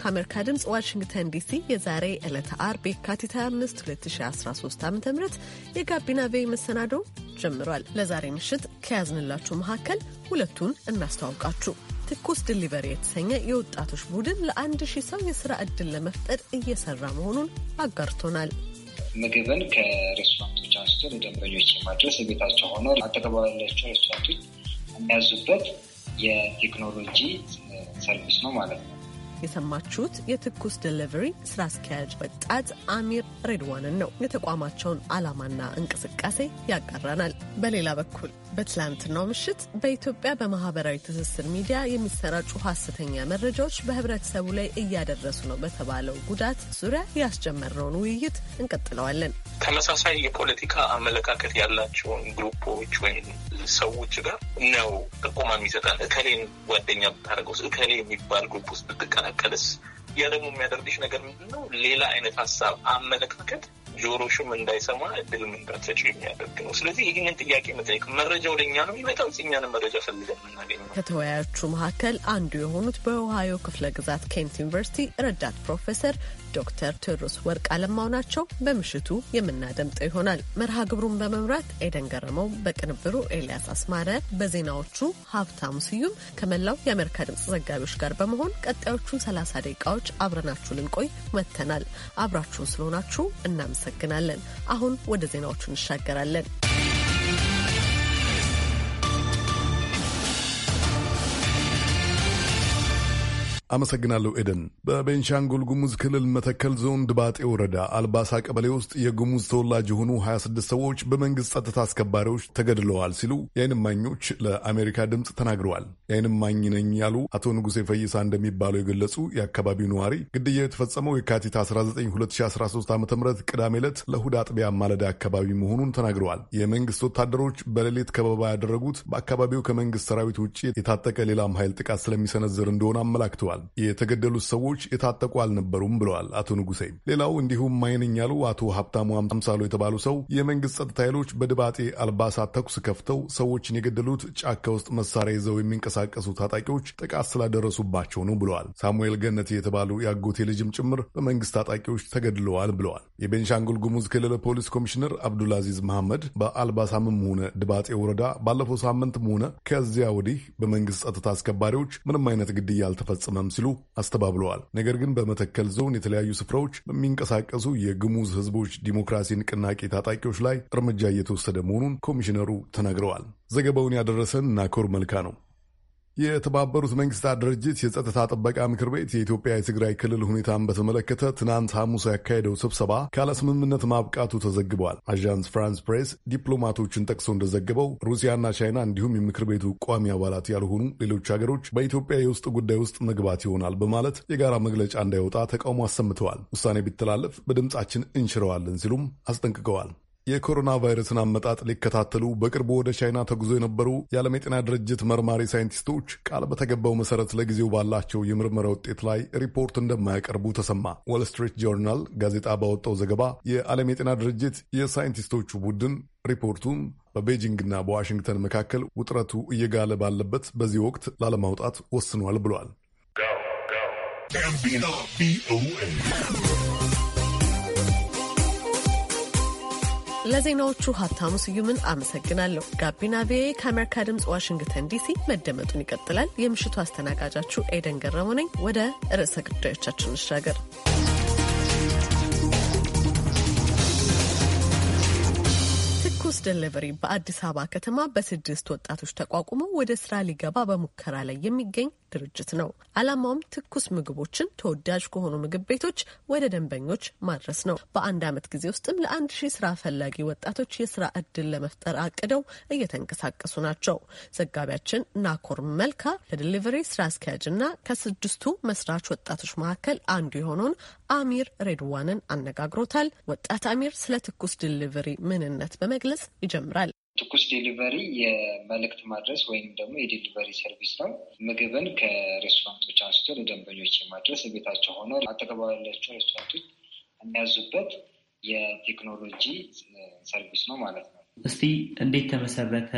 ከአሜሪካ ድምፅ ዋሽንግተን ዲሲ የዛሬ ዕለተ አርብ የካቲት 25 2013 ዓ ም የጋቢና ቬይ መሰናዶ ጀምሯል። ለዛሬ ምሽት ከያዝንላችሁ መካከል ሁለቱን እናስተዋውቃችሁ። ትኩስ ዲሊቨሪ የተሰኘ የወጣቶች ቡድን ለአንድ ሺህ ሰው የሥራ ዕድል ለመፍጠር እየሰራ መሆኑን አጋርቶናል። ምግብን ከሬስቶራንቶች አንስቶ ለደንበኞች የማድረስ ቤታቸው ሆኖ አጠገባው ሬስቶራንቶች የሚያዙበት የቴክኖሎጂ ሰርቪስ ነው ማለት ነው። የሰማችሁት የትኩስ ዴሊቨሪ ስራ አስኪያጅ ወጣት አሚር ሬድዋንን ነው። የተቋማቸውን ዓላማና እንቅስቃሴ ያጋራናል። በሌላ በኩል በትላንትናው ምሽት በኢትዮጵያ በማህበራዊ ትስስር ሚዲያ የሚሰራጩ ሀሰተኛ መረጃዎች በህብረተሰቡ ላይ እያደረሱ ነው በተባለው ጉዳት ዙሪያ ያስጀመርነውን ውይይት እንቀጥለዋለን። ተመሳሳይ የፖለቲካ አመለካከት ያላቸውን ግሩፖች ወይም ሰዎች ጋር ነው ጥቆማ የሚሰጠን እከሌን ጓደኛ ብታደርገው እከሌ የሚባል ግሩፕ ውስጥ ብትቀላቀል መካከልስ ያ ደግሞ የሚያደርግሽ ነገር ምንድነው? ሌላ አይነት ሀሳብ፣ አመለካከት ጆሮሽም እንዳይሰማ እድል እንዳትሰጪው የሚያደርግ ነው። ስለዚህ ይህንን ጥያቄ መጠየቅ መረጃው ለእኛ ነው የሚመጣው፣ እኛንም መረጃ ፈልገን የምናገኘው። ከተወያዮቹ መካከል አንዱ የሆኑት በኦሃዮ ክፍለ ግዛት ኬንት ዩኒቨርሲቲ ረዳት ፕሮፌሰር ዶክተር ቴዎድሮስ ወርቅ አለማው ናቸው። በምሽቱ የምናደምጠው ይሆናል። መርሃ ግብሩን በመምራት ኤደን ገረመው፣ በቅንብሩ ኤልያስ አስማረ፣ በዜናዎቹ ሀብታሙ ስዩም ከመላው የአሜሪካ ድምጽ ዘጋቢዎች ጋር በመሆን ቀጣዮቹን 30 ደቂቃዎች ዜናዎች አብረናችሁ ልንቆይ መጥተናል። አብራችሁን ስለሆናችሁ እናመሰግናለን። አሁን ወደ ዜናዎቹ እንሻገራለን። አመሰግናለሁ ኤደን። በቤንሻንጉል ጉሙዝ ክልል መተከል ዞን ድባጤ ወረዳ አልባሳ ቀበሌ ውስጥ የጉሙዝ ተወላጅ የሆኑ 26 ሰዎች በመንግስት ጸጥታ አስከባሪዎች ተገድለዋል ሲሉ የአይንማኞች ለአሜሪካ ድምፅ ተናግረዋል። የአይንማኝ ነኝ ያሉ አቶ ንጉሴ ፈይሳ እንደሚባሉ የገለጹ የአካባቢው ነዋሪ ግድያው የተፈጸመው የካቲት 19 2013 ዓ ም ቅዳሜ ዕለት ለእሁድ አጥቢያ ማለዳ አካባቢ መሆኑን ተናግረዋል። የመንግስት ወታደሮች በሌሊት ከበባ ያደረጉት በአካባቢው ከመንግስት ሰራዊት ውጭ የታጠቀ ሌላም ኃይል ጥቃት ስለሚሰነዝር እንደሆነ አመላክተዋል። ተናግረዋል። የተገደሉት ሰዎች የታጠቁ አልነበሩም ብለዋል አቶ ንጉሴ። ሌላው እንዲሁም ማይንኝ ያሉ አቶ ሀብታሙ አምሳሎ የተባሉ ሰው የመንግስት ጸጥታ ኃይሎች በድባጤ አልባሳት ተኩስ ከፍተው ሰዎችን የገደሉት ጫካ ውስጥ መሳሪያ ይዘው የሚንቀሳቀሱ ታጣቂዎች ጥቃት ስላደረሱባቸው ነው ብለዋል። ሳሙኤል ገነት የተባሉ የአጎቴ ልጅም ጭምር በመንግስት ታጣቂዎች ተገድለዋል ብለዋል። የቤንሻንጉል ጉሙዝ ክልል ፖሊስ ኮሚሽነር አብዱልአዚዝ መሐመድ በአልባሳምም ሆነ ድባጤ ወረዳ ባለፈው ሳምንትም ሆነ ከዚያ ወዲህ በመንግስት ጸጥታ አስከባሪዎች ምንም አይነት ግድያ አልተፈጸመም አይደለም ሲሉ አስተባብለዋል። ነገር ግን በመተከል ዞን የተለያዩ ስፍራዎች በሚንቀሳቀሱ የግሙዝ ህዝቦች ዲሞክራሲ ንቅናቄ ታጣቂዎች ላይ እርምጃ እየተወሰደ መሆኑን ኮሚሽነሩ ተናግረዋል። ዘገባውን ያደረሰን ናኮር መልካ ነው። የተባበሩት መንግስታት ድርጅት የጸጥታ ጥበቃ ምክር ቤት የኢትዮጵያ የትግራይ ክልል ሁኔታን በተመለከተ ትናንት ሐሙስ ያካሄደው ስብሰባ ካለ ስምምነት ማብቃቱ ተዘግቧል። አዣንስ ፍራንስ ፕሬስ ዲፕሎማቶችን ጠቅሶ እንደዘገበው ሩሲያና ቻይና እንዲሁም የምክር ቤቱ ቋሚ አባላት ያልሆኑ ሌሎች ሀገሮች በኢትዮጵያ የውስጥ ጉዳይ ውስጥ መግባት ይሆናል በማለት የጋራ መግለጫ እንዳይወጣ ተቃውሞ አሰምተዋል። ውሳኔ ቢተላለፍ በድምፃችን እንሽረዋለን ሲሉም አስጠንቅቀዋል። የኮሮና ቫይረስን አመጣጥ ሊከታተሉ በቅርቡ ወደ ቻይና ተጉዞ የነበሩ የዓለም የጤና ድርጅት መርማሪ ሳይንቲስቶች ቃል በተገባው መሰረት ለጊዜው ባላቸው የምርመራ ውጤት ላይ ሪፖርት እንደማያቀርቡ ተሰማ። ዎል ስትሪት ጆርናል ጋዜጣ ባወጣው ዘገባ የዓለም የጤና ድርጅት የሳይንቲስቶቹ ቡድን ሪፖርቱን በቤጂንግና በዋሽንግተን መካከል ውጥረቱ እየጋለ ባለበት በዚህ ወቅት ላለማውጣት ወስኗል ብሏል። ለዜናዎቹ ሀብታሙ ስዩምን አመሰግናለሁ። ጋቢና ቪኦኤ ከአሜሪካ ድምፅ ዋሽንግተን ዲሲ መደመጡን ይቀጥላል። የምሽቱ አስተናጋጃችሁ ኤደን ገረመነኝ ወደ ርዕሰ ጉዳዮቻችን እንሻገር። ትኩስ ደሊቨሪ በአዲስ አበባ ከተማ በስድስት ወጣቶች ተቋቁሞ ወደ ስራ ሊገባ በሙከራ ላይ የሚገኝ ድርጅት ነው። አላማውም ትኩስ ምግቦችን ተወዳጅ ከሆኑ ምግብ ቤቶች ወደ ደንበኞች ማድረስ ነው። በአንድ ዓመት ጊዜ ውስጥም ለአንድ ሺህ ስራ ፈላጊ ወጣቶች የስራ እድል ለመፍጠር አቅደው እየተንቀሳቀሱ ናቸው። ዘጋቢያችን ናኮር መልካ ለደሊቨሪ ስራ አስኪያጅና ከስድስቱ መስራች ወጣቶች መካከል አንዱ የሆነውን አሚር ሬድዋንን አነጋግሮታል። ወጣት አሚር ስለ ትኩስ ደሊቨሪ ምንነት በመግለጽ ማድረስ ይጀምራል። ትኩስ ዴሊቨሪ የመልእክት ማድረስ ወይም ደግሞ የዴሊቨሪ ሰርቪስ ነው። ምግብን ከሬስቶራንቶች አንስቶ ለደንበኞች የማድረስ ቤታቸው ሆነ አጠገባዊ ያላቸው ሬስቶራንቶች የሚያዙበት የቴክኖሎጂ ሰርቪስ ነው ማለት ነው። እስቲ እንዴት ተመሰረተ?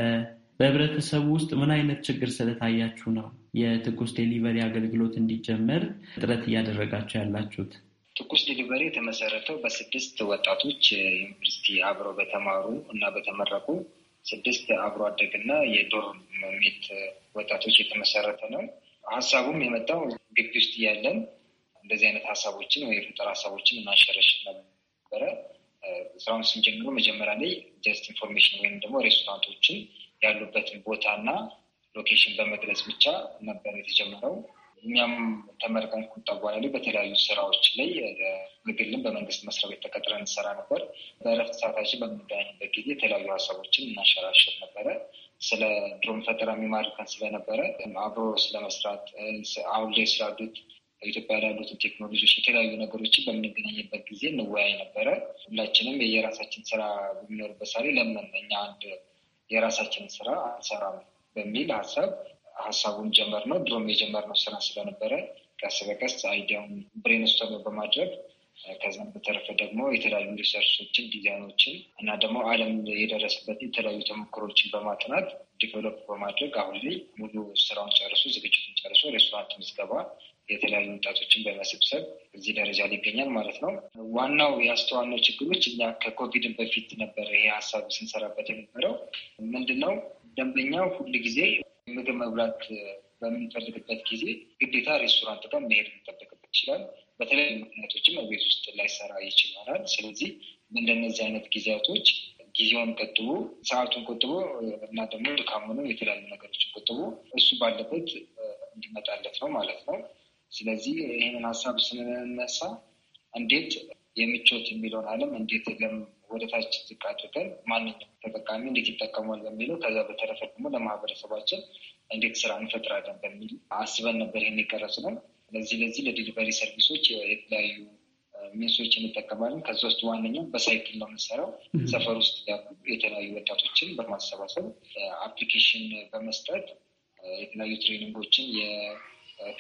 በህብረተሰቡ ውስጥ ምን አይነት ችግር ስለታያችሁ ነው የትኩስ ዴሊቨሪ አገልግሎት እንዲጀመር ጥረት እያደረጋችሁ ያላችሁት? ትኩስ ዲሊቨሪ የተመሰረተው በስድስት ወጣቶች ዩኒቨርሲቲ አብረው በተማሩ እና በተመረቁ ስድስት አብሮ አደግና የዶርም ሜት ወጣቶች የተመሰረተ ነው። ሀሳቡም የመጣው ግቢ ውስጥ እያለን እንደዚህ አይነት ሀሳቦችን ወይ የፈጠራ ሀሳቦችን እናሸረሽ ነበረ። ስራውን ስንጀምሮ መጀመሪያ ላይ ጀስት ኢንፎርሜሽን ወይም ደግሞ ሬስቶራንቶችን ያሉበትን ቦታና ሎኬሽን በመግለጽ ብቻ ነበር የተጀመረው። እኛም ተመርቀን ጋር ኩንታጓና ላይ በተለያዩ ስራዎች ላይ በግልም በመንግስት መስሪያ ቤት ተቀጥረን እንሰራ ነበር። በእረፍት ሰዓታችን በምንገናኝበት ጊዜ የተለያዩ ሀሳቦችን እናሸራሸር ነበረ። ስለ ድሮን ፈጠራ የሚማርከን ስለነበረ አብሮ ስለመስራት አሁን ላይ ስላሉት ኢትዮጵያ ላሉትን ቴክኖሎጂዎች የተለያዩ ነገሮችን በምንገናኝበት ጊዜ እንወያይ ነበረ። ሁላችንም የየራሳችን ስራ በሚኖርበት ሳሌ ለምን እኛ አንድ የራሳችንን ስራ አንሰራም በሚል ሀሳብ ሀሳቡን ጀመር ነው። ድሮም የጀመርነው ስራ ስለነበረ ቀስ በቀስ አይዲያውን ብሬንስቶርም በማድረግ ከዛም በተረፈ ደግሞ የተለያዩ ሪሰርሶችን ዲዛይኖችን እና ደግሞ ዓለም የደረሰበት የተለያዩ ተሞክሮችን በማጥናት ዲቨሎፕ በማድረግ አሁን ላይ ሙሉ ስራውን ጨርሶ ዝግጅቱን ጨርሶ ሬስቶራንት ምዝገባ የተለያዩ ወጣቶችን በመሰብሰብ እዚህ ደረጃ ላይ ይገኛል ማለት ነው። ዋናው ያስተዋልነው ችግሮች እኛ ከኮቪድን በፊት ነበረ ይሄ ሀሳብ ስንሰራበት የነበረው ምንድን ነው ደንበኛው ሁል ጊዜ ምግብ መብላት በምንፈልግበት ጊዜ ግዴታ ሬስቶራንት ጋር መሄድ ሊጠበቅበት ይችላል። በተለያዩ ምክንያቶችም ቤት ውስጥ ላይሰራ ይችላል። ስለዚህ እንደነዚህ አይነት ጊዜያቶች ጊዜውን ቆጥቦ ሰዓቱን ቆጥቦ እና ደግሞ ድካሙንም የተለያዩ ነገሮችን ቆጥቦ እሱ ባለበት እንዲመጣለት ነው ማለት ነው። ስለዚህ ይህንን ሀሳብ ስንነሳ እንዴት የምቾት የሚለውን ዓለም እንዴት ለም ወደታች ዝቅ አድርገን ማንኛውም ተጠቃሚ እንዴት ይጠቀሟል በሚለው ከዛ በተረፈ ደግሞ ለማህበረሰባችን እንዴት ስራ እንፈጥራለን በሚል አስበን ነበር ይህን የቀረጽ ነው። ለዚህ ለዚህ ለዲሊቨሪ ሰርቪሶች የተለያዩ ሚንሶች እንጠቀማለን። ከዚ ውስጥ ዋነኛው በሳይክል ነው የምንሰራው። ሰፈር ውስጥ ያሉ የተለያዩ ወጣቶችን በማሰባሰብ አፕሊኬሽን በመስጠት የተለያዩ ትሬኒንጎችን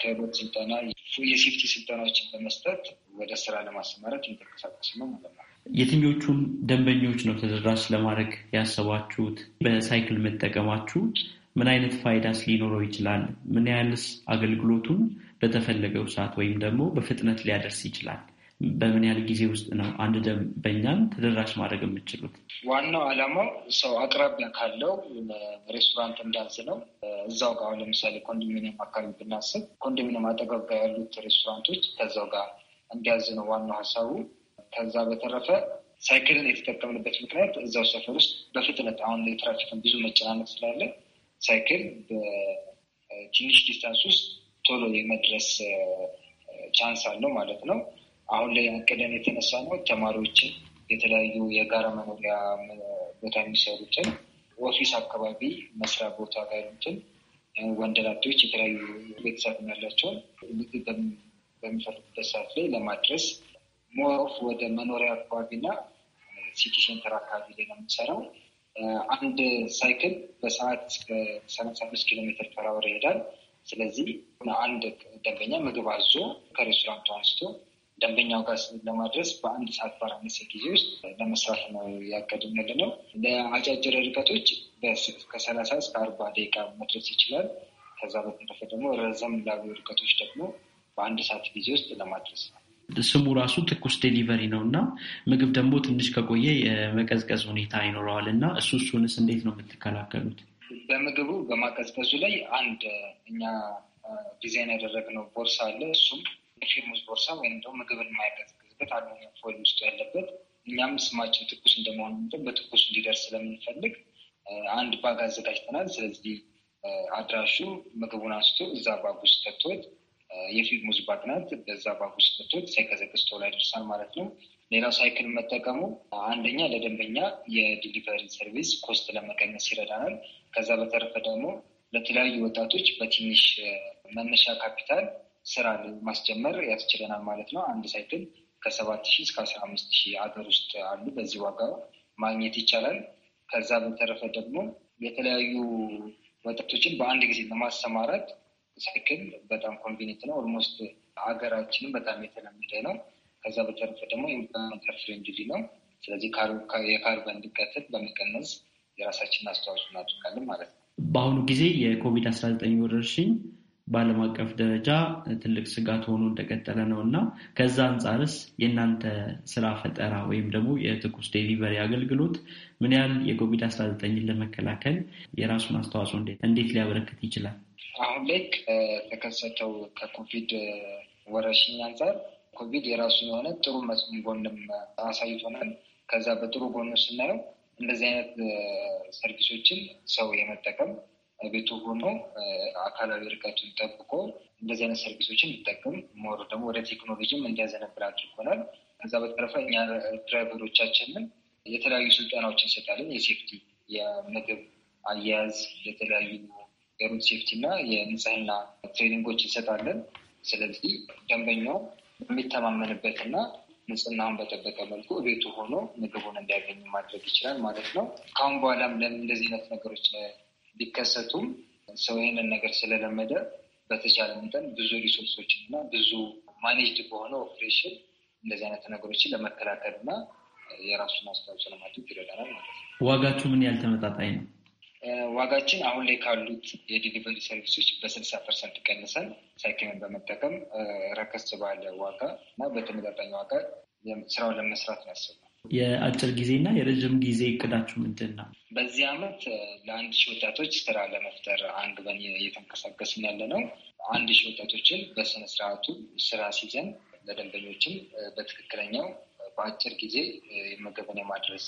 ክህሎት ስልጠና፣ የሴፍቲ ስልጠናዎችን በመስጠት ወደ ስራ ለማሰማራት እየተንቀሳቀስ ነው ማለት ነው። የትኞቹን ደንበኞች ነው ተደራሽ ለማድረግ ያሰባችሁት? በሳይክል መጠቀማችሁ ምን አይነት ፋይዳስ ሊኖረው ይችላል? ምን ያህልስ አገልግሎቱን በተፈለገው ሰዓት ወይም ደግሞ በፍጥነት ሊያደርስ ይችላል? በምን ያህል ጊዜ ውስጥ ነው አንድ ደንበኛን ተደራሽ ማድረግ የምችሉት? ዋናው ዓላማው ሰው አቅራቢያ ካለው ሬስቶራንት እንዳዝ ነው። እዛው ጋር ለምሳሌ ኮንዶሚኒየም አካባቢ ብናስብ ኮንዶሚኒየም አጠገብ ጋር ያሉት ሬስቶራንቶች ከዛው ጋር እንዲያዝ ነው ዋናው ሀሳቡ። ከዛ በተረፈ ሳይክልን የተጠቀምንበት ምክንያት እዛው ሰፈር ውስጥ በፍጥነት አሁን የትራፊክን ብዙ መጨናነቅ ስላለ ሳይክል በትንሽ ዲስታንስ ውስጥ ቶሎ የመድረስ ቻንስ አለው ማለት ነው። አሁን ላይ አቅደን የተነሳ ነው ተማሪዎችን የተለያዩ የጋራ መኖሪያ ቦታ የሚሰሩትን ኦፊስ አካባቢ መስሪያ ቦታ ጋር ያሉትን ወንደላጤዎች የተለያዩ ቤተሰብ ያላቸውን በሚፈልጉበት ሰዓት ላይ ለማድረስ ሞሮፍ ወደ መኖሪያ አካባቢና ሲቲ ሴንተር አካባቢ ላይ ነው የምንሰራው። አንድ ሳይክል በሰዓት እስከ ሰላሳ አምስት ኪሎ ሜትር ተራወር ይሄዳል። ስለዚህ አንድ ደንበኛ ምግብ አዞ ከሬስቶራንቱ አንስቶ ደንበኛው ጋር ለማድረስ በአንድ ሰዓት ባራነሰ ጊዜ ውስጥ ለመስራት ነው ያቀድን ነው። ለአጫጭር ርቀቶች ከሰላሳ እስከ አርባ ደቂቃ መድረስ ይችላል። ከዛ በተረፈ ደግሞ ረዘም ላሉ ርቀቶች ደግሞ በአንድ ሰዓት ጊዜ ውስጥ ለማድረስ ነው። ስሙ ራሱ ትኩስ ዴሊቨሪ ነው እና ምግብ ደግሞ ትንሽ ከቆየ የመቀዝቀዝ ሁኔታ ይኖረዋል እና እሱ እሱንስ እንዴት ነው የምትከላከሉት? በምግቡ በማቀዝቀዙ ላይ አንድ እኛ ዲዛይን ያደረግነው ቦርሳ አለ። እሱም የፊርሙስ ቦርሳ ወይም ደግሞ ምግብን የማይቀዘቅዝበት አሉሚኒየም ፎይል ውስጥ ያለበት እኛም ስማችን ትኩስ እንደመሆኑ መጠን በትኩሱ እንዲደርስ ስለምንፈልግ አንድ ባግ አዘጋጅተናል። ስለዚህ አድራሹ ምግቡን አንስቶ እዛ ባግ ውስጥ ተቶት የፊውዝ ባትናት በዛ ባንክ ውስጥ ብትወጥ ሳይቀዘቅዝ ላይ ደርሳል ማለት ነው። ሌላው ሳይክል መጠቀሙ አንደኛ ለደንበኛ የዲሊቨሪ ሰርቪስ ኮስት ለመቀነስ ይረዳናል። ከዛ በተረፈ ደግሞ ለተለያዩ ወጣቶች በትንሽ መነሻ ካፒታል ስራ ማስጀመር ያስችለናል ማለት ነው። አንድ ሳይክል ከሰባት ሺህ እስከ አስራ አምስት ሺህ ሀገር ውስጥ አሉ። በዚህ ዋጋ ማግኘት ይቻላል። ከዛ በተረፈ ደግሞ የተለያዩ ወጣቶችን በአንድ ጊዜ ለማሰማራት ሳይክል በጣም ኮንቪኒት ነው። ኦልሞስት ሀገራችንም በጣም የተለመደ ነው። ከዛ በተረፈ ደግሞ ኢንቫይሮንመንታል ፍሬንድሊ ነው። ስለዚህ የካርበን ልቀትን በመቀነስ የራሳችንን አስተዋጽኦ እናደርጋለን ማለት ነው። በአሁኑ ጊዜ የኮቪድ አስራ ዘጠኝ ወረርሽኝ በዓለም አቀፍ ደረጃ ትልቅ ስጋት ሆኖ እንደቀጠለ ነው እና ከዛ አንጻርስ የእናንተ ስራ ፈጠራ ወይም ደግሞ የትኩስ ዴሊቨሪ አገልግሎት ምን ያህል የኮቪድ 19 ለመከላከል የራሱን አስተዋጽኦ እንዴት ሊያበረክት ይችላል? አሁን ላይ ከተከሰተው ከኮቪድ ወረርሽኝ አንጻር ኮቪድ የራሱን የሆነ ጥሩ መስም ጎንም አሳይቶናል። ከዛ በጥሩ ጎኑ ስናየው እንደዚህ አይነት ሰርቪሶችን ሰው የመጠቀም ቤቱ ሆኖ አካላዊ ርቀቱን ጠብቆ እንደዚህ አይነት ሰርቪሶችን ይጠቅም ሞር ደግሞ ወደ ቴክኖሎጂም እንዲያዘነብል አድርጎናል። ከዛ በተረፈ እኛ ድራይቨሮቻችንም የተለያዩ ስልጠናዎችን እንሰጣለን። የሴፍቲ፣ የምግብ አያያዝ፣ የተለያዩ የሩድ ሴፍቲ እና የንጽህና ትሬኒንጎች እንሰጣለን። ስለዚህ ደንበኛው የሚተማመንበት እና ንጽህናውን በጠበቀ መልኩ ቤቱ ሆኖ ምግቡን እንዲያገኝ ማድረግ ይችላል ማለት ነው። ካሁን በኋላም ለምን እንደዚህ አይነት ነገሮች ቢከሰቱም ሰው ይህንን ነገር ስለለመደ በተቻለ መጠን ብዙ ሪሶርሶችን እና ብዙ ማኔጅድ በሆነ ኦፕሬሽን እንደዚህ አይነት ነገሮችን ለመከላከል እና የራሱን አስተዋጽኦ ለማድረግ ይረዳናል ማለት ነው። ዋጋችሁ ምን ያህል ተመጣጣኝ ነው? ዋጋችን አሁን ላይ ካሉት የዲሊቨሪ ሰርቪሶች በስልሳ ፐርሰንት ቀንሰን ሳይክልን በመጠቀም ረከስ ባለ ዋጋ እና በተመጣጣኝ ዋጋ ስራውን ለመስራት ያስባል። የአጭር ጊዜና የረዥም ጊዜ እቅዳችሁ ምንድን ነው? በዚህ አመት ለአንድ ሺህ ወጣቶች ስራ ለመፍጠር አንግበን እየተንቀሳቀስን ያለ ነው። አንድ ሺህ ወጣቶችን በስነስርዓቱ ስራ ሲዘን ለደንበኞችም በትክክለኛው በአጭር ጊዜ ምግብን የማድረስ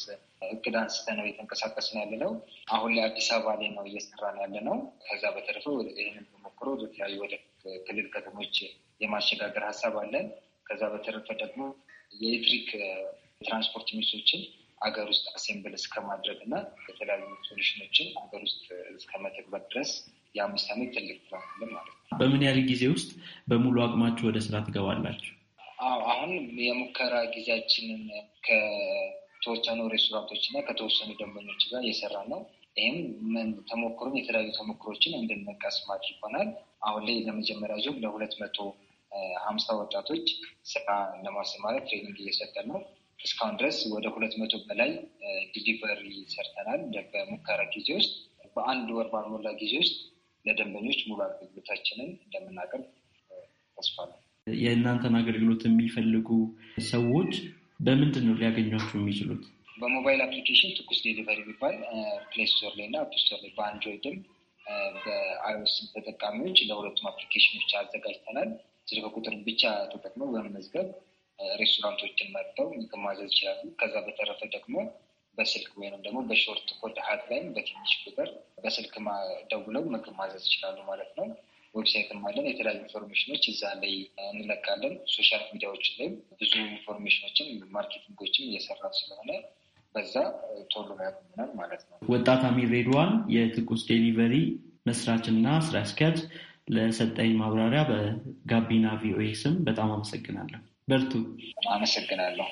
እቅድ አንስተ ነው የተንቀሳቀስ ነው ያለ ነው። አሁን ላይ አዲስ አበባ ላይ ነው እየሰራ ነው ያለ ነው። ከዛ በተረፈ ይህንን ተሞክሮ ወደተለያዩ ወደ ክልል ከተሞች የማሸጋገር ሀሳብ አለን። ከዛ በተረፈ ደግሞ የኤሌክትሪክ ትራንስፖርት ሚሶችን ሀገር ውስጥ አሴምብል እስከማድረግ እና የተለያዩ ሶሉሽኖችን ሀገር ውስጥ እስከመተግበር ድረስ የአምስት ዓመት ትልቅ ፕላን ማለት ነው። በምን ያህል ጊዜ ውስጥ በሙሉ አቅማችሁ ወደ ስራ ትገባላችሁ? አዎ አሁን የሙከራ ጊዜያችንን ከተወሰኑ ሬስቶራንቶች እና ከተወሰኑ ደንበኞች ጋር እየሰራ ነው። ይህም ተሞክሮን የተለያዩ ተሞክሮችን እንድንቀስ አድርጎናል። አሁን ላይ ለመጀመሪያ ዙር ለሁለት መቶ ሀምሳ ወጣቶች ስራ ለማሰማራት ትሬኒንግ እየሰጠ ነው። እስካሁን ድረስ ወደ ሁለት መቶ በላይ ዲሊቨሪ ሰርተናል። በሙከራ ጊዜ ውስጥ በአንድ ወር ባልሞላ ጊዜ ውስጥ ለደንበኞች ሙሉ አገልግሎታችንን እንደምናቀርብ ተስፋ ነው። የእናንተን አገልግሎት የሚፈልጉ ሰዎች በምንድን ነው ሊያገኟቸው የሚችሉት? በሞባይል አፕሊኬሽን ትኩስ ዴሊቨሪ የሚባል ፕሌይ ስቶር ላይ እና አፕ ስቶር ላይ በአንድሮይድም በአይኦስ ተጠቃሚዎች ለሁለቱም አፕሊኬሽኖች አዘጋጅተናል። ስልክ ቁጥር ብቻ ተጠቅመው በመመዝገብ ሬስቶራንቶችን መርተው ምግብ ማዘዝ ይችላሉ። ከዛ በተረፈ ደግሞ በስልክ ወይም ደግሞ በሾርት ኮድ ሀት ላይም በትንሽ ቁጥር በስልክ ደውለው ምግብ ማዘዝ ይችላሉ ማለት ነው። ዌብሳይትም አለን። የተለያዩ ኢንፎርሜሽኖች እዛ ላይ እንለቃለን። ሶሻል ሚዲያዎች ላይም ብዙ ኢንፎርሜሽኖችን ማርኬቲንጎችን እየሰራ ስለሆነ በዛ ቶሎ ያገኛል ማለት ነው። ወጣት አሚር ሬድዋን የትኩስ ዴሊቨሪ መስራችና ስራ አስኪያጅ ለሰጠኝ ማብራሪያ በጋቢና ቪኦኤ ስም በጣም አመሰግናለሁ። በርቱ። አመሰግናለሁ።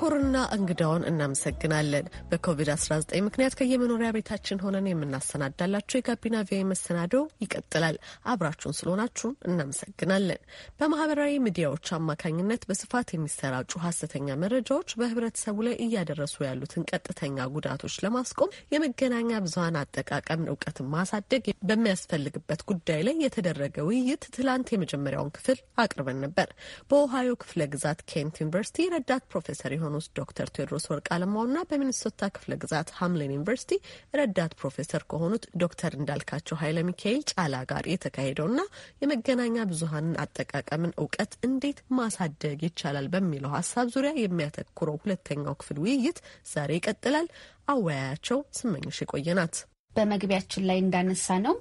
ታኮርና እንግዳውን እናመሰግናለን። በኮቪድ-19 ምክንያት ከየመኖሪያ ቤታችን ሆነን የምናሰናዳላችሁ የጋቢና ቪ መሰናዶው ይቀጥላል። አብራችሁን ስለሆናችሁን እናመሰግናለን። በማህበራዊ ሚዲያዎች አማካኝነት በስፋት የሚሰራጩ ሀሰተኛ መረጃዎች በህብረተሰቡ ላይ እያደረሱ ያሉትን ቀጥተኛ ጉዳቶች ለማስቆም የመገናኛ ብዙሀን አጠቃቀም እውቀትን ማሳደግ በሚያስፈልግበት ጉዳይ ላይ የተደረገ ውይይት ትላንት የመጀመሪያውን ክፍል አቅርበን ነበር። በኦሃዮ ክፍለ ግዛት ኬንት ዩኒቨርሲቲ ረዳት ፕሮፌሰር የሆኑ የሆኑት ዶክተር ቴዎድሮስ ወርቅ አለማውና በሚኒሶታ ክፍለ ግዛት ሀምሊን ዩኒቨርሲቲ ረዳት ፕሮፌሰር ከሆኑት ዶክተር እንዳልካቸው ኃይለ ሚካኤል ጫላ ጋር የተካሄደውና የመገናኛ ብዙሀንን አጠቃቀምን እውቀት እንዴት ማሳደግ ይቻላል በሚለው ሀሳብ ዙሪያ የሚያተኩረው ሁለተኛው ክፍል ውይይት ዛሬ ይቀጥላል። አወያያቸው ስመኝሽ የቆየናት። በመግቢያችን ላይ እንዳነሳ ነው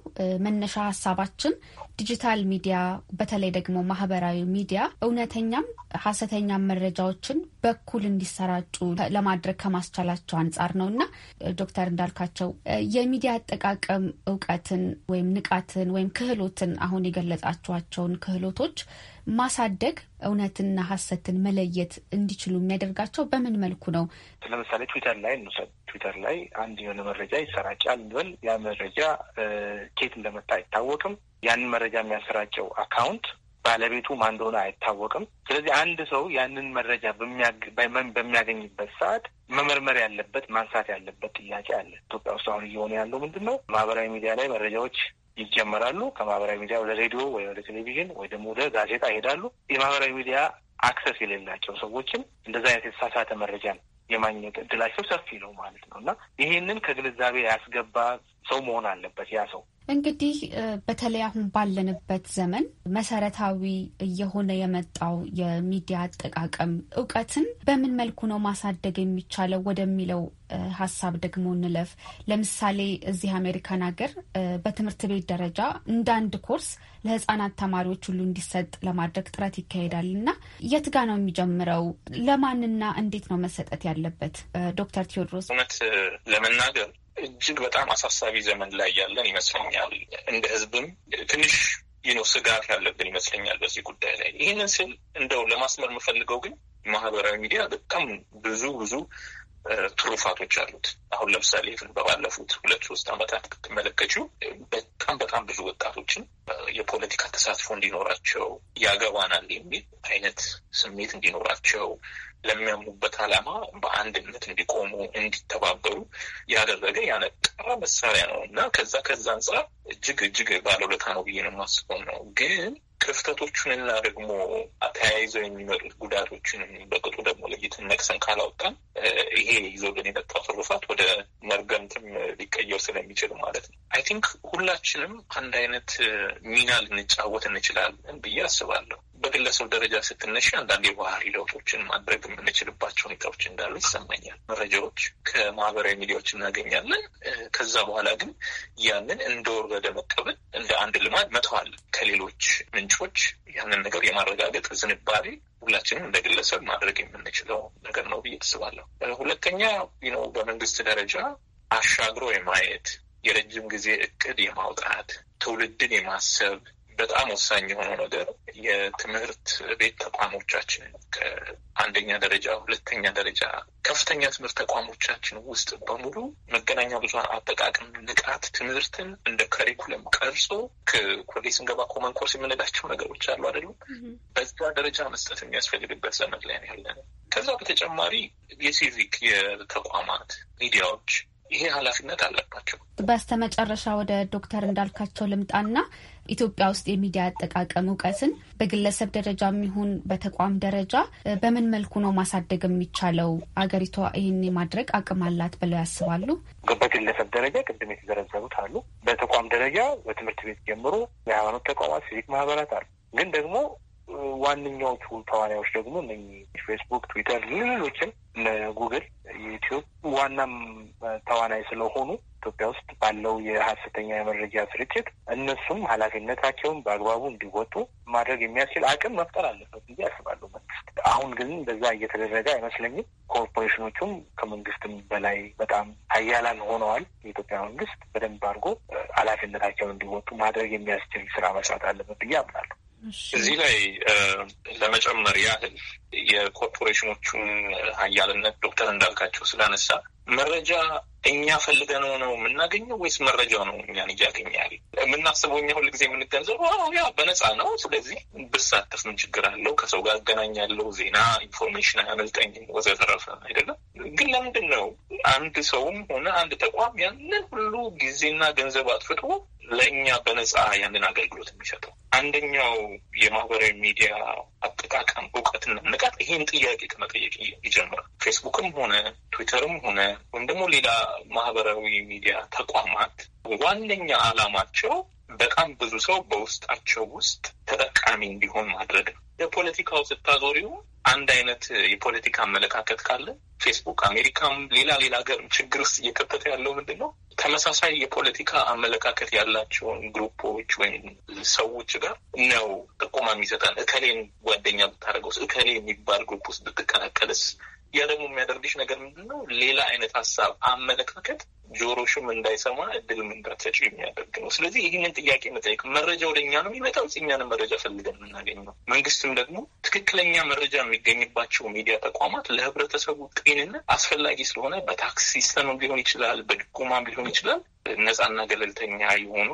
መነሻ ሀሳባችን ዲጂታል ሚዲያ በተለይ ደግሞ ማህበራዊ ሚዲያ እውነተኛም ሀሰተኛ መረጃዎችን በኩል እንዲሰራጩ ለማድረግ ከማስቻላቸው አንጻር ነው እና ዶክተር እንዳልካቸው የሚዲያ አጠቃቀም እውቀትን ወይም ንቃትን ወይም ክህሎትን አሁን የገለጻችኋቸውን ክህሎቶች ማሳደግ እውነትና ሀሰትን መለየት እንዲችሉ የሚያደርጋቸው በምን መልኩ ነው? ለምሳሌ ትዊተር ላይ እንውሰድ። ትዊተር ላይ አንድ የሆነ መረጃ ይሰራጫል እንበል። ያ መረጃ ኬት እንደመጣ አይታወቅም። ያንን መረጃ የሚያሰራጨው አካውንት ባለቤቱ ማን እንደሆነ አይታወቅም። ስለዚህ አንድ ሰው ያንን መረጃ በሚያገኝበት ሰዓት መመርመር ያለበት ማንሳት ያለበት ጥያቄ አለ። ኢትዮጵያ ውስጥ አሁን እየሆነ ያለው ምንድን ነው? ማህበራዊ ሚዲያ ላይ መረጃዎች ይጀመራሉ። ከማህበራዊ ሚዲያ ወደ ሬዲዮ ወይ ወደ ቴሌቪዥን ወይ ደግሞ ወደ ጋዜጣ ይሄዳሉ። የማህበራዊ ሚዲያ አክሰስ የሌላቸው ሰዎችም እንደዛ አይነት የተሳሳተ መረጃ የማግኘት እድላቸው ሰፊ ነው ማለት ነው እና ይሄንን ከግንዛቤ ያስገባ ሰው መሆን አለበት ያ ሰው። እንግዲህ በተለይ አሁን ባለንበት ዘመን መሰረታዊ እየሆነ የመጣው የሚዲያ አጠቃቀም እውቀትን በምን መልኩ ነው ማሳደግ የሚቻለው ወደሚለው ሀሳብ ደግሞ እንለፍ። ለምሳሌ እዚህ አሜሪካን ሀገር በትምህርት ቤት ደረጃ እንደ አንድ ኮርስ ለህፃናት ተማሪዎች ሁሉ እንዲሰጥ ለማድረግ ጥረት ይካሄዳል እና የት ጋ ነው የሚጀምረው? ለማንና እንዴት ነው መሰጠት ያለበት? ዶክተር ቴዎድሮስ እውነት ለመናገር እጅግ በጣም አሳሳቢ ዘመን ላይ ያለን ይመስለኛል። እንደ ህዝብም ትንሽ ይኖ ስጋት ያለብን ይመስለኛል በዚህ ጉዳይ ላይ። ይህንን ስል እንደው ለማስመር የምፈልገው ግን ማህበራዊ ሚዲያ በጣም ብዙ ብዙ ትሩፋቶች አሉት። አሁን ለምሳሌ በባለፉት ሁለት ሶስት ዓመታት ብትመለከችው በጣም በጣም ብዙ ወጣቶችን የፖለቲካ ተሳትፎ እንዲኖራቸው ያገባናል የሚል አይነት ስሜት እንዲኖራቸው ለሚያምኑበት ዓላማ በአንድነት እንዲቆሙ እንዲተባበሩ ያደረገ ያነጠረ መሳሪያ ነው እና ከዛ ከዛ አንጻር እጅግ እጅግ ባለውለታ ነው ብዬ ነው የማስበው ነው ግን ክፍተቶቹንና ደግሞ ተያይዘው የሚመጡት ጉዳቶችን በቅጡ ደግሞ ለይት ነቅሰን ካላወጣን ይሄ ይዞልን የመጣው ትሩፋት ወደ መርገምትም ሊቀየር ስለሚችል ማለት ነው። አይ ቲንክ ሁላችንም አንድ አይነት ሚና ልንጫወት እንችላለን ብዬ አስባለሁ። በግለሰብ ደረጃ ስትነሽ አንዳንድ የባህሪ ለውጦችን ማድረግ የምንችልባቸው ሁኔታዎች እንዳሉ ይሰማኛል። መረጃዎች ከማህበራዊ ሚዲያዎች እናገኛለን። ከዛ በኋላ ግን ያንን እንደወረደ መቀበል እንደ አንድ ልማድ መተዋል። ከሌሎች ምንጮች ያንን ነገር የማረጋገጥ ዝንባሌ ሁላችንም እንደ ግለሰብ ማድረግ የምንችለው ነገር ነው ብዬ አስባለሁ። ሁለተኛ ነው በመንግስት ደረጃ አሻግሮ የማየት የረጅም ጊዜ እቅድ የማውጣት ትውልድን የማሰብ በጣም ወሳኝ የሆነው ነገር የትምህርት ቤት ተቋሞቻችን ከአንደኛ ደረጃ፣ ሁለተኛ ደረጃ ከፍተኛ ትምህርት ተቋሞቻችን ውስጥ በሙሉ መገናኛ ብዙኃን አጠቃቀም ንቃት ትምህርትን እንደ ከሪኩለም ቀርጾ ከኮሌጅ ስንገባ ኮመን ኮርስ የምንላቸው ነገሮች አሉ አይደሉም? በዛ ደረጃ መስጠት የሚያስፈልግበት ዘመን ላይ ነው ያለን። ከዛ በተጨማሪ የሲቪክ የተቋማት ሚዲያዎች ይሄ ኃላፊነት አለባቸው። በስተመጨረሻ ወደ ዶክተር እንዳልካቸው ልምጣና ኢትዮጵያ ውስጥ የሚዲያ አጠቃቀም እውቀትን በግለሰብ ደረጃ የሚሆን በተቋም ደረጃ በምን መልኩ ነው ማሳደግ የሚቻለው? አገሪቷ ይህን የማድረግ አቅም አላት ብለው ያስባሉ? በግለሰብ ደረጃ ቅድም የተዘረዘሩት አሉ። በተቋም ደረጃ በትምህርት ቤት ጀምሮ የሃይማኖት ተቋማት፣ ሲቪክ ማህበራት አሉ። ግን ደግሞ ዋነኛዎቹ ተዋናዮች ደግሞ እነ ፌስቡክ፣ ትዊተር፣ ሌሎችም ጉግል፣ ዩቲዩብ ዋናም ተዋናይ ስለሆኑ ኢትዮጵያ ውስጥ ባለው የሀሰተኛ የመረጃ ስርጭት እነሱም ኃላፊነታቸውን በአግባቡ እንዲወጡ ማድረግ የሚያስችል አቅም መፍጠር አለበት ብዬ አስባለሁ መንግስት። አሁን ግን በዛ እየተደረገ አይመስለኝም። ኮርፖሬሽኖቹም ከመንግስትም በላይ በጣም ሀያላን ሆነዋል። የኢትዮጵያ መንግስት በደንብ አድርጎ ኃላፊነታቸውን እንዲወጡ ማድረግ የሚያስችል ስራ መስራት አለበት ብዬ አምናለሁ። እዚህ ላይ ለመጨመር ያህል የኮርፖሬሽኖቹን ሀያልነት ዶክተር እንዳልካቸው ስላነሳ መረጃ እኛ ፈልገነው ነው የምናገኘው ወይስ መረጃው ነው እኛን እያገኘ ያለ? የምናስበው እኛ ሁልጊዜ የምንገንዘበው ያ በነፃ ነው፣ ስለዚህ ብሳተፍ ምን ችግር አለው? ከሰው ጋር አገናኛለሁ፣ ዜና ኢንፎርሜሽን አያመልጠኝም፣ ወዘተረፈ አይደለም። ግን ለምንድን ነው አንድ ሰውም ሆነ አንድ ተቋም ያንን ሁሉ ጊዜና ገንዘብ አጥፍቶ ለእኛ በነጻ ያንን አገልግሎት የሚሰጠው። አንደኛው የማህበራዊ ሚዲያ አጠቃቀም እውቀትና ንቃት ይህን ጥያቄ ከመጠየቅ ይጀምራል። ፌስቡክም ሆነ ትዊተርም ሆነ ወይም ደግሞ ሌላ ማህበራዊ ሚዲያ ተቋማት ዋነኛ አላማቸው በጣም ብዙ ሰው በውስጣቸው ውስጥ ተጠቃሚ እንዲሆን ማድረግ ነው። የፖለቲካው ስታዞሪው አንድ አይነት የፖለቲካ አመለካከት ካለ ፌስቡክ አሜሪካም ሌላ ሌላ ሀገርም ችግር ውስጥ እየከተተ ያለው ምንድን ነው? ተመሳሳይ የፖለቲካ አመለካከት ያላቸውን ግሩፖች ወይም ሰዎች ጋር ነው ጥቆማ የሚሰጠን። እከሌን ጓደኛ ብታደርገውስ፣ እከሌ የሚባል ግሩፕ ውስጥ ብትቀላቀልስ ያ ደግሞ የሚያደርግሽ ነገር ምንድን ነው? ሌላ አይነት ሀሳብ፣ አመለካከት ጆሮሽም እንዳይሰማ እድል እንዳትሰጪው የሚያደርግ ነው። ስለዚህ ይህንን ጥያቄ መጠየቅ መረጃ ወደ እኛ ነው የሚመጣው፣ እኛንም መረጃ ፈልገን የምናገኝ ነው። መንግስትም ደግሞ ትክክለኛ መረጃ የሚገኝባቸው ሚዲያ ተቋማት ለህብረተሰቡ ጤንነት አስፈላጊ ስለሆነ በታክስ ሲስተም ሊሆን ይችላል፣ በድጎማም ሊሆን ይችላል ነፃና ገለልተኛ የሆኑ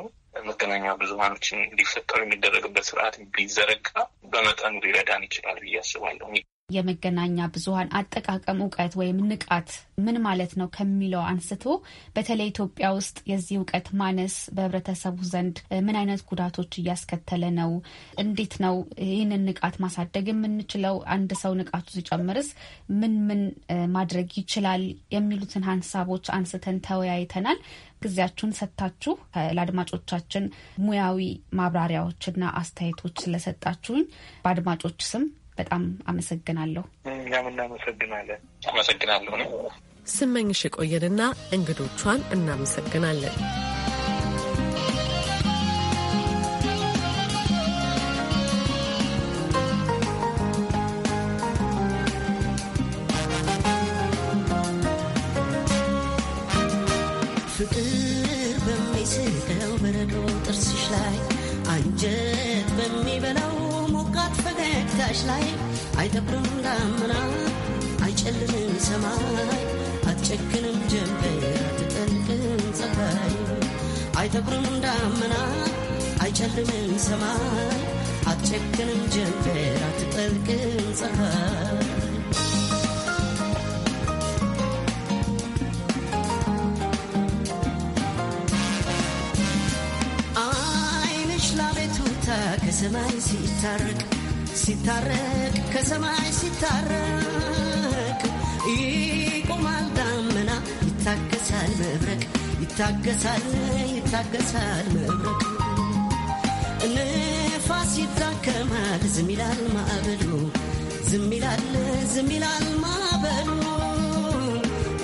መገናኛ ብዙሀኖችን እንዲፈጠሩ የሚደረግበት ስርዓት ቢዘረጋ በመጠኑ ሊረዳን ይችላል ብዬ አስባለሁ። የመገናኛ ብዙኃን አጠቃቀም እውቀት ወይም ንቃት ምን ማለት ነው ከሚለው አንስቶ በተለይ ኢትዮጵያ ውስጥ የዚህ እውቀት ማነስ በህብረተሰቡ ዘንድ ምን አይነት ጉዳቶች እያስከተለ ነው? እንዴት ነው ይህንን ንቃት ማሳደግ የምንችለው? አንድ ሰው ንቃቱ ሲጨምርስ ምን ምን ማድረግ ይችላል? የሚሉትን ሀንሳቦች አንስተን ተወያይተናል። ጊዜያችሁን ሰጥታችሁ ለአድማጮቻችን ሙያዊ ማብራሪያዎችና አስተያየቶች ስለሰጣችሁኝ በአድማጮች ስም በጣም አመሰግናለሁ። እኛም እናመሰግናለን። አመሰግናለሁ። ስመኝሽ የቆየንና እንግዶቿን እናመሰግናለን። አዳራሽ ላይ አይጠብርም ዳመና አይጨልምም ሰማይ አትጨክንም ጀንበር አትጠልቅም ፀሐይ አይጠብርም ዳመና አይጨልምም ሰማይ አትጨክንም ጀንበር አትጠልቅም ፀሐይ ሰማይ ሲታርቅ ከሰማይ ሲታረቅ ከሰማይ ሲታረቅ ይቆማል ዳመና ይታገሳል መብረቅ ይታገሳል ይታገሳል መብረቅ ንፋስ ይታከማል ዝም ይላል ማዕበሉ ዝም ይላል ዝም ይላል ማዕበሉ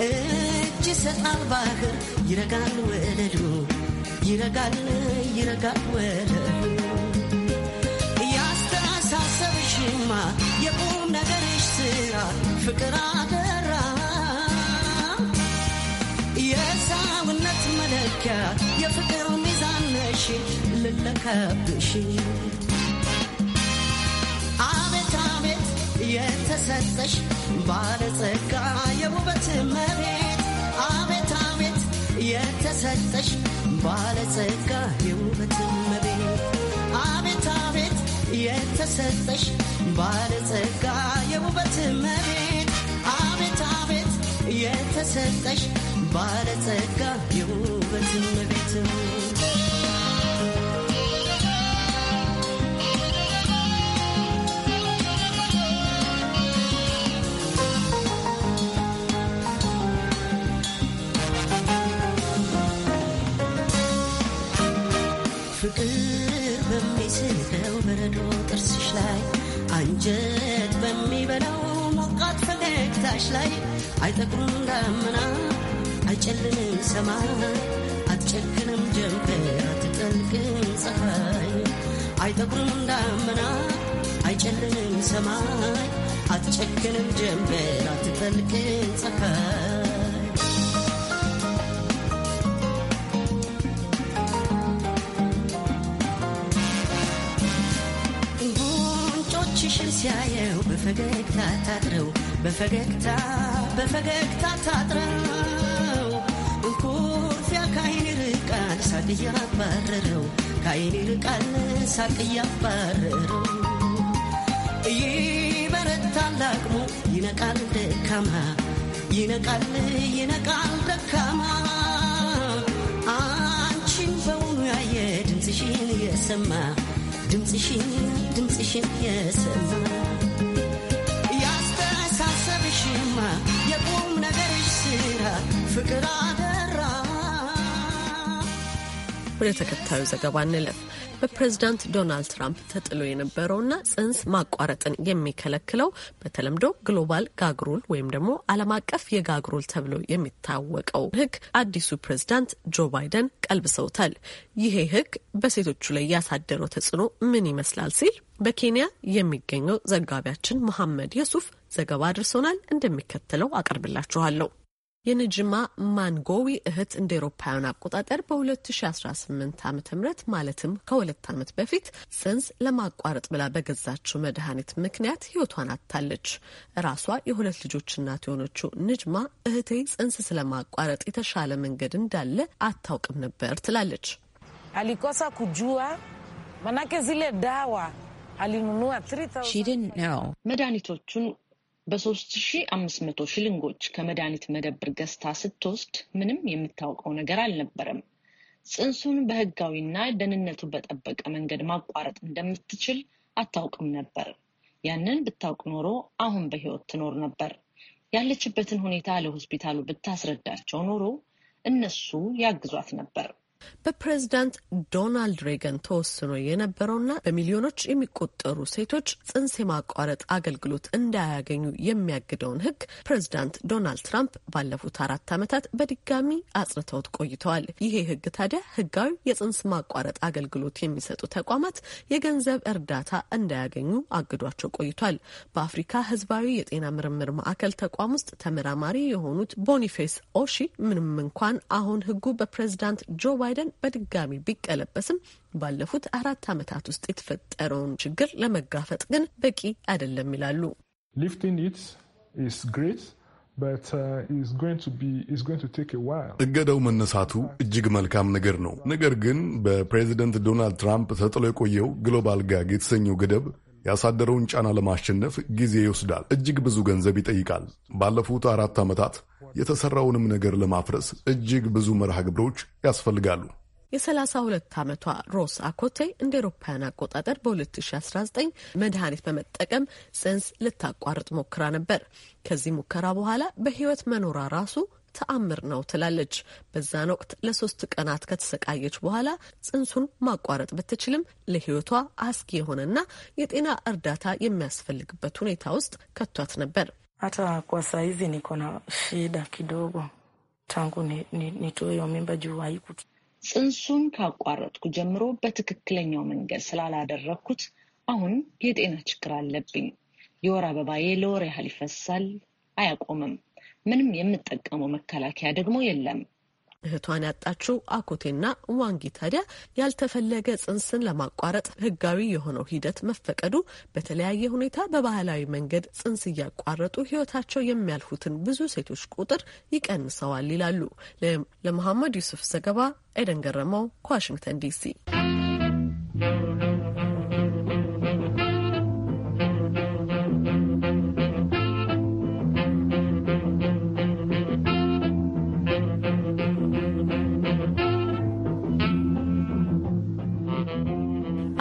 እጅ ይሰጣል ባህር ይረጋል ወለሉ ይረጋል ይረጋል ወለሉ ነገርሽ ስራ ፍቅር አደራ የሰውነት መለኪያ የፍቅር ሚዛን ነሽ ልለከብሽ አቤት አቤት የተሰጠሽ ባለጸጋ የውበት መሬት አቤት አቤት የተሰጠሽ ባለጸጋ የውበት መሬት አቤት አቤት የተሰጠሽ ባለጸጋ የውበት መቤት አቤት አቤት የተሰጠሽ ባለጸጋ የውበት መቤት ፍቅር በሚስለው በረዶ ጥርስሽ ላይ አንጀት በሚበላው ሞቃት ፈገግታሽ ላይ አይጠቁም ዳመና አይጨልምም ሰማይ አትጨክንም ጀንበር አትጠልቅም ፀሐይ አይጠቁም ዳመና አይጨልምም ሰማይ አትጨክንም ጀንበር አትጠልቅም ፀሐይ ሲያየው በፈገግታ ታጥረው በፈገግታ በፈገግታ ታጥረው ኩርፊያ ካይን ይርቃል ሳቅ እያባረረው ካይን ይርቃል ሳቅ እያባረረው ይበረታል አቅሙ ይነቃል ደካማ ይነቃል ይነቃል ደካማ አንቺን በውኑ ያየ ድምፅሽን የሰማ ድምፅሽን ድምፅሽን የሰማ ያስተሳሰብሽማ የቁም ነገርሽ ስራ ፍቅር አደራ። ወደ ተከታዩ ዘገባ እንለፍ። በፕሬዝዳንት ዶናልድ ትራምፕ ተጥሎ የነበረውና ጽንስ ማቋረጥን የሚከለክለው በተለምዶ ግሎባል ጋግሮል ወይም ደግሞ ዓለም አቀፍ የጋግ ተብሎ የሚታወቀው ህግ አዲሱ ፕሬዝዳንት ጆ ባይደን ቀልብሰውታል። ይሄ ህግ በሴቶቹ ላይ ያሳደረው ተጽዕኖ ምን ይመስላል ሲል በኬንያ የሚገኘው ዘጋቢያችን መሐመድ የሱፍ ዘገባ አድርሶናል። እንደሚከተለው አቀርብላችኋለሁ። የንጅማ ማንጎዊ እህት እንደ ኤሮፓውያን አቆጣጠር በ2018 ዓ ም ማለትም ከሁለት ዓመት በፊት ጽንስ ለማቋረጥ ብላ በገዛችው መድኃኒት ምክንያት ህይወቷን አጥታለች። ራሷ የሁለት ልጆች እናት የሆነችው ንጅማ እህቴ ጽንስ ስለማቋረጥ የተሻለ መንገድ እንዳለ አታውቅም ነበር ትላለች። አሊኮሳ ኩጁዋ መናከ ዚለ ዳዋ አሊኑኑዋ መድኃኒቶቹን በ3500 ሽልንጎች ከመድኃኒት መደብር ገዝታ ስትወስድ ምንም የምታውቀው ነገር አልነበረም። ጽንሱን በህጋዊና ደህንነቱ በጠበቀ መንገድ ማቋረጥ እንደምትችል አታውቅም ነበር። ያንን ብታውቅ ኖሮ አሁን በህይወት ትኖር ነበር። ያለችበትን ሁኔታ ለሆስፒታሉ ብታስረዳቸው ኖሮ እነሱ ያግዟት ነበር። በፕሬዝዳንት ዶናልድ ሬገን ተወስኖ የነበረውና በሚሊዮኖች የሚቆጠሩ ሴቶች ጽንስ የማቋረጥ አገልግሎት እንዳያገኙ የሚያግደውን ሕግ ፕሬዝዳንት ዶናልድ ትራምፕ ባለፉት አራት ዓመታት በድጋሚ አጽንተውት ቆይተዋል። ይሄ ሕግ ታዲያ ሕጋዊ የጽንስ ማቋረጥ አገልግሎት የሚሰጡ ተቋማት የገንዘብ እርዳታ እንዳያገኙ አግዷቸው ቆይቷል። በአፍሪካ ህዝባዊ የጤና ምርምር ማዕከል ተቋም ውስጥ ተመራማሪ የሆኑት ቦኒፌስ ኦሺ ምንም እንኳን አሁን ሕጉ በፕሬዝዳንት ጆ ባይ ባይደን በድጋሚ ቢቀለበስም ባለፉት አራት ዓመታት ውስጥ የተፈጠረውን ችግር ለመጋፈጥ ግን በቂ አይደለም ይላሉ። uh, እገዳው መነሳቱ እጅግ መልካም ነገር ነው። ነገር ግን በፕሬዚደንት ዶናልድ ትራምፕ ተጥሎ የቆየው ግሎባል ጋግ የተሰኘው ገደብ ያሳደረውን ጫና ለማሸነፍ ጊዜ ይወስዳል፣ እጅግ ብዙ ገንዘብ ይጠይቃል። ባለፉት አራት ዓመታት የተሰራውንም ነገር ለማፍረስ እጅግ ብዙ መርሃ ግብሮች ያስፈልጋሉ። የ32 ዓመቷ ሮስ አኮቴ እንደ ኤሮፓውያን አቆጣጠር በ2019 መድኃኒት በመጠቀም ጽንስ ልታቋርጥ ሞክራ ነበር። ከዚህ ሙከራ በኋላ በህይወት መኖሯ ራሱ ተአምር ነው ትላለች። በዛን ወቅት ለሶስት ቀናት ከተሰቃየች በኋላ ጽንሱን ማቋረጥ ብትችልም ለሕይወቷ አስጊ የሆነና የጤና እርዳታ የሚያስፈልግበት ሁኔታ ውስጥ ከቷት ነበር። hata kwa saizi niko na shida kidogo ታንጉ ኔቶዮ ጽንሱን ካቋረጥኩ ጀምሮ በትክክለኛው መንገድ ስላላደረግኩት አሁን የጤና ችግር አለብኝ። የወር አበባዬ ለወር ያህል ይፈሳል፣ አያቆምም። ምንም የምጠቀመው መከላከያ ደግሞ የለም። እህቷን ያጣችው አኮቴና ዋንጊ ታዲያ ያልተፈለገ ጽንስን ለማቋረጥ ህጋዊ የሆነው ሂደት መፈቀዱ በተለያየ ሁኔታ በባህላዊ መንገድ ጽንስ እያቋረጡ ህይወታቸው የሚያልፉትን ብዙ ሴቶች ቁጥር ይቀንሰዋል ይላሉ። ለመሐመድ ዩሱፍ ዘገባ ኤደን ገረመው ከዋሽንግተን ዲሲ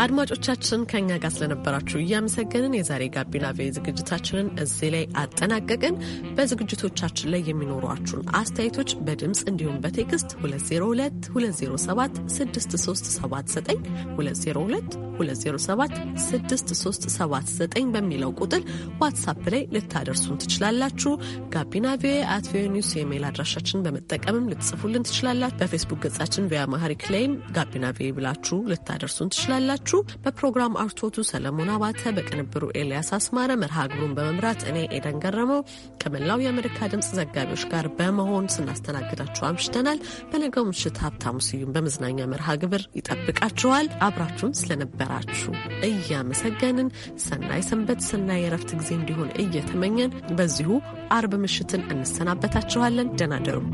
አድማጮቻችን ከኛ ጋር ስለነበራችሁ እያመሰገንን የዛሬ ጋቢና ቪ ዝግጅታችንን እዚህ ላይ አጠናቀቅን። በዝግጅቶቻችን ላይ የሚኖሯችሁን አስተያየቶች በድምፅ እንዲሁም በቴክስት 202 207 6379 202 207 በሚለው ቁጥር ዋትሳፕ ላይ ልታደርሱን ትችላላችሁ። ጋቢና ቪኦኤ አት ቪኦኤ ኒውስ የሜል አድራሻችን በመጠቀምም ልትጽፉልን ትችላላችሁ። በፌስቡክ ገጻችን ቪኦኤ አማሪክ ላይም ጋቢና ቪኦኤ ብላችሁ ልታደርሱን ትችላላችሁ። በፕሮግራም አርቶቱ ሰለሞን አባተ፣ በቅንብሩ ኤልያስ አስማረ፣ መርሃ ግብሩን በመምራት እኔ ኤደን ገረመው ከመላው የአሜሪካ ድምፅ ዘጋቢዎች ጋር በመሆን ስናስተናግዳችሁ አምሽተናል። በነገው ምሽት ሀብታሙ ስዩም በመዝናኛ መርሃ ግብር ይጠብቃችኋል። አብራችሁን ስለነበረ ስለነበራችሁ እያመሰገንን ሰናይ ሰንበት፣ ሰናይ የረፍት ጊዜ እንዲሆን እየተመኘን በዚሁ አርብ ምሽትን እንሰናበታችኋለን። ደናደሩ